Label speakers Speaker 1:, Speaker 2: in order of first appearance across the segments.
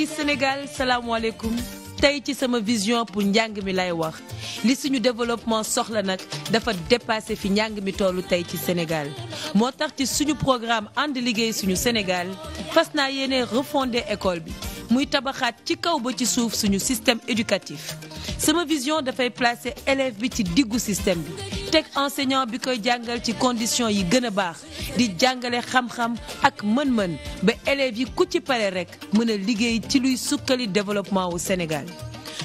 Speaker 1: yi Sénégal salaamaaleykum tey ci sama vision pour njàng mi lay wax li suñu développement soxla nag dafa dépasé fi njàng mi tollu tey ci Sénégal moo tax ci suñu programme ànd liggéey suñu Sénégal fas naa yeneen refonder école bi muy tabaxaat ci kaw ba ci suuf suñu système éducatif sama vision dafay placer élève bi ci diggu système bi teg enseignant bi koy jàngal ci condition yi gën a baax di jàngale xam-xam ak mën-mën ba élèves yi ku ci pare rek mën a liggéey ci luy sukkali développement wu Sénégal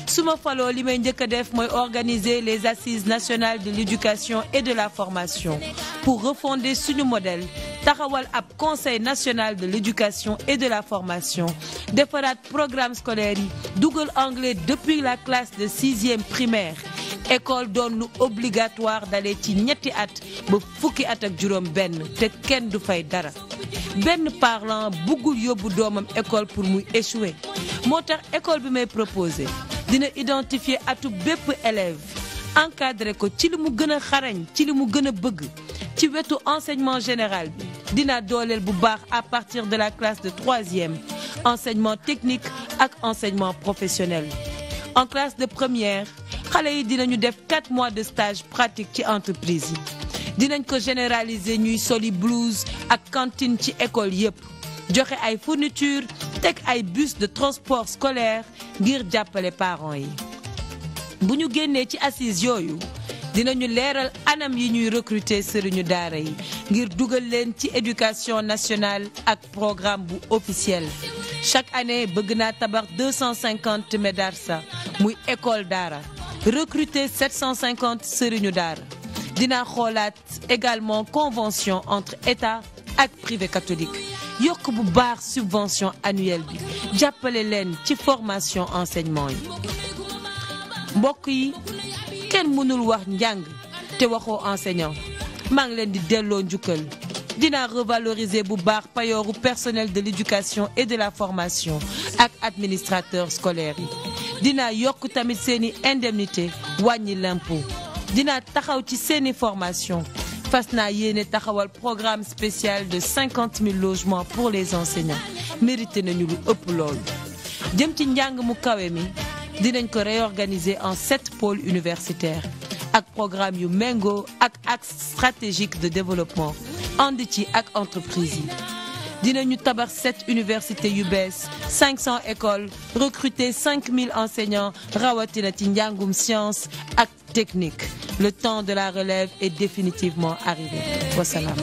Speaker 1: su ma faloo li may njëkk a def mooy organiser les assises nationales de l'éducation et de la formation pour refonder suñu modèle taxawal ab conseil national de l'éducation et de la formation defaraat programme scolaire yi dugal anglais depuis la classe de sixième primaire école doon lu obligatoire dalee ci ñetti at ba fukki at ak juróom benn te kenn du fay dara benn parent buggul yóbbu doomam école pour muy échouer moo tax école bi may proposé dina identifier atu bépp élève encadré ko ci li mu gën a xarañ ci li mu gën a bëgg ci wetu ensegnement général bi dina dooleel bu baax à partir de la classe de troisième ensegnement technique ak enseignement professionnel en classe de première xale yi dinañu def 4 mois de stage pratique ci entreprise yi dinañ ko généraliser ñuy soli blouse ak cantine ci école yépp joxe ay fourniture teg ay bus de transport scolaire ngir jàppale parents yi bu ñu génnee ci assises yooyu dinañu leeral anam yi ñuy recruter sëriñu daara yi ngir dugal leen ci éducation nationale ak programme bu officiel chaque année bëgg naa tabax 250 médarsa muy école daara recruter 750 sëriñu daara dina xoolaat également convention entre état ak privé catholique yokk bu baax subvention annuelle bi jàppale leen ci formation enseignement yi mbokk yi kenn mënul wax njàng te waxoo enseignant maa ngi leen di delloo njukkal dina revaloriser bu baax payooru personnel de l'éducation et de la formation ak administrateur scolaire yi dinaa yokk tamit seeni indemnité wàññi l'impôt dina taxaw ci seeni formation fas naa yéene taxawal programme spécial de cinquante mille logements pour les enseignants mérité nañu lu ëpp loolu jëm ci njàng mu kawe mi dinañ ko réorganiser en sept pôles universitaire ak programme yu méngoo ak axe stratégique de développement ànd ci ak entreprise yi dinañu tabax sept universités yu bees 500 écoles recruter 5000 enseignants rawatina ci njàngum science ak technique le temps de la relève est définitivement arrivé wasalaam